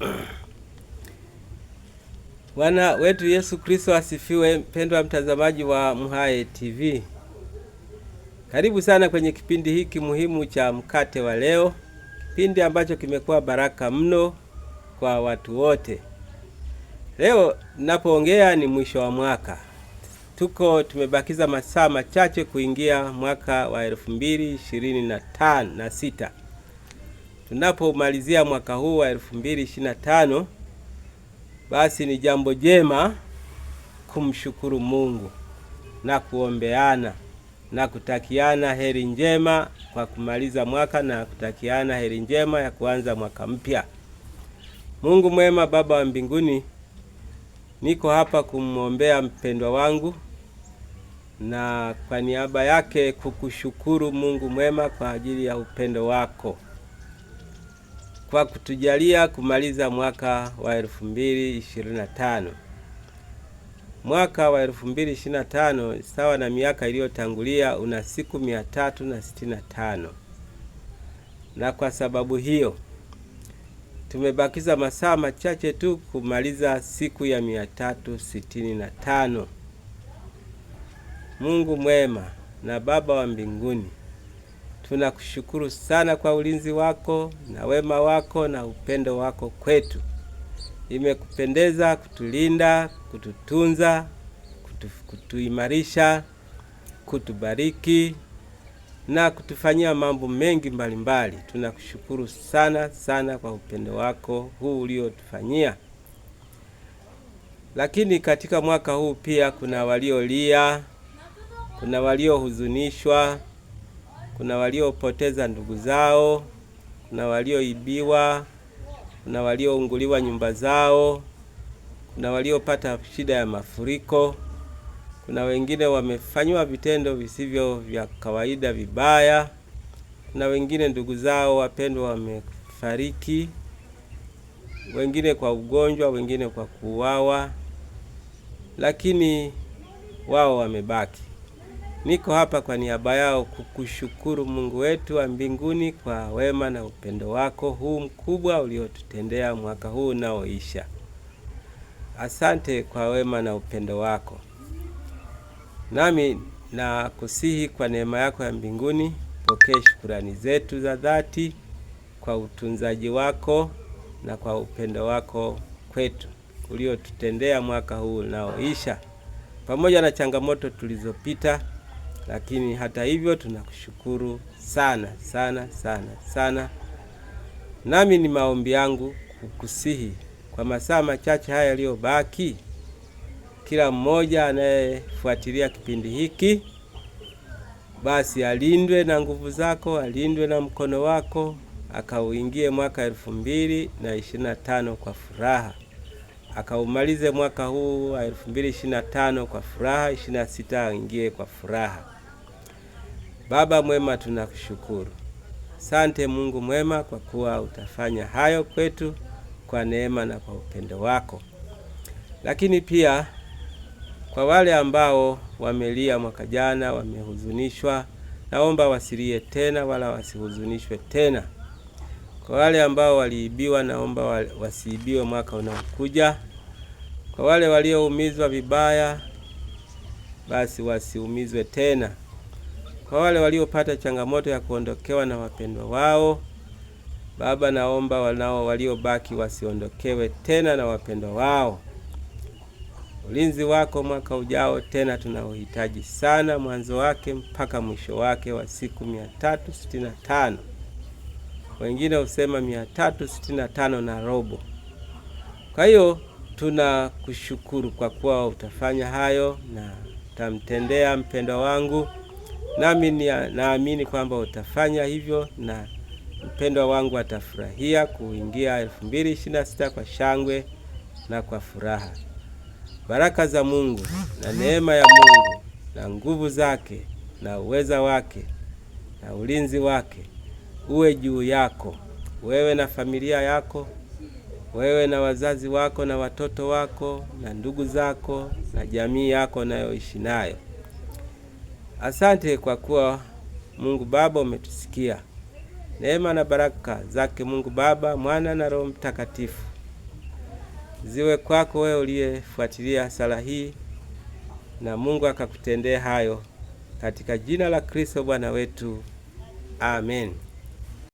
Bwana wetu Yesu Kristo asifiwe. Mpendwa mtazamaji wa MHAE TV, karibu sana kwenye kipindi hiki muhimu cha mkate wa leo, kipindi ambacho kimekuwa baraka mno kwa watu wote. Leo napoongea ni mwisho wa mwaka, tuko tumebakiza masaa machache kuingia mwaka wa elfu mbili ishirini na tano na sita tunapomalizia mwaka huu wa 2025 basi ni jambo jema kumshukuru Mungu na kuombeana na kutakiana heri njema kwa kumaliza mwaka na kutakiana heri njema ya kuanza mwaka mpya. Mungu mwema, Baba wa mbinguni, niko hapa kumwombea mpendwa wangu na kwa niaba yake kukushukuru Mungu mwema kwa ajili ya upendo wako kwa kutujalia kumaliza mwaka wa 2025. Mwaka wa 2025 sawa na miaka iliyotangulia una siku 365 na kwa sababu hiyo tumebakiza masaa machache tu kumaliza siku ya 365 Mungu mwema na Baba wa mbinguni Tunakushukuru sana kwa ulinzi wako na wema wako na upendo wako kwetu. Imekupendeza kutulinda, kututunza, kutu, kutuimarisha, kutubariki na kutufanyia mambo mengi mbalimbali. Tunakushukuru sana sana kwa upendo wako huu uliotufanyia. Lakini katika mwaka huu pia kuna waliolia, kuna waliohuzunishwa kuna waliopoteza ndugu zao, kuna walioibiwa, kuna waliounguliwa nyumba zao, kuna waliopata shida ya mafuriko, kuna wengine wamefanywa vitendo visivyo vya kawaida vibaya, kuna wengine ndugu zao wapendwa wamefariki, wengine kwa ugonjwa, wengine kwa kuuawa, lakini wao wamebaki. Niko hapa kwa niaba yao kukushukuru Mungu wetu wa mbinguni kwa wema na upendo wako huu mkubwa uliotutendea mwaka huu unaoisha. Asante kwa wema na upendo wako. Nami nakusihi kwa neema yako ya mbinguni, pokee shukurani zetu za dhati kwa utunzaji wako na kwa upendo wako kwetu uliotutendea mwaka huu unaoisha, pamoja na changamoto tulizopita lakini hata hivyo tunakushukuru sana sana sana sana. Nami ni maombi yangu kukusihi kwa masaa machache haya yaliyobaki, kila mmoja anayefuatilia kipindi hiki basi alindwe na nguvu zako, alindwe na mkono wako, akauingie mwaka elfu mbili na ishirini na tano kwa furaha akaumalize mwaka huu 2025 kwa furaha, 26 aingie kwa furaha. Baba mwema, tunakushukuru. Sante Mungu mwema, kwa kuwa utafanya hayo kwetu kwa neema na kwa upendo wako. Lakini pia kwa wale ambao wamelia mwaka jana, wamehuzunishwa, naomba wasilie tena wala wasihuzunishwe tena. Kwa wale ambao waliibiwa, naomba wasiibiwe mwaka unaokuja. Kwa wale walioumizwa vibaya, basi wasiumizwe tena. Kwa wale waliopata changamoto ya kuondokewa na wapendwa wao, Baba, naomba wanao waliobaki wasiondokewe tena na wapendwa wao. Ulinzi wako mwaka ujao tena tunauhitaji sana, mwanzo wake mpaka mwisho wake wa siku mia tatu wengine husema mia tatu sitini na tano na robo. Kwa hiyo tunakushukuru kwa kuwa utafanya hayo na utamtendea mpendwa wangu, nami naamini kwamba utafanya hivyo na mpendwa wangu atafurahia kuingia 2026 kwa shangwe na kwa furaha. Baraka za Mungu na neema ya Mungu na nguvu zake na uweza wake na ulinzi wake uwe juu yako wewe na familia yako, wewe na wazazi wako na watoto wako na ndugu zako na jamii yako unayoishi nayo. Asante kwa kuwa Mungu Baba umetusikia. Neema na baraka zake Mungu Baba, Mwana na Roho Mtakatifu ziwe kwako wewe uliyefuatilia sala hii, na Mungu akakutendea hayo katika jina la Kristo Bwana wetu, amen.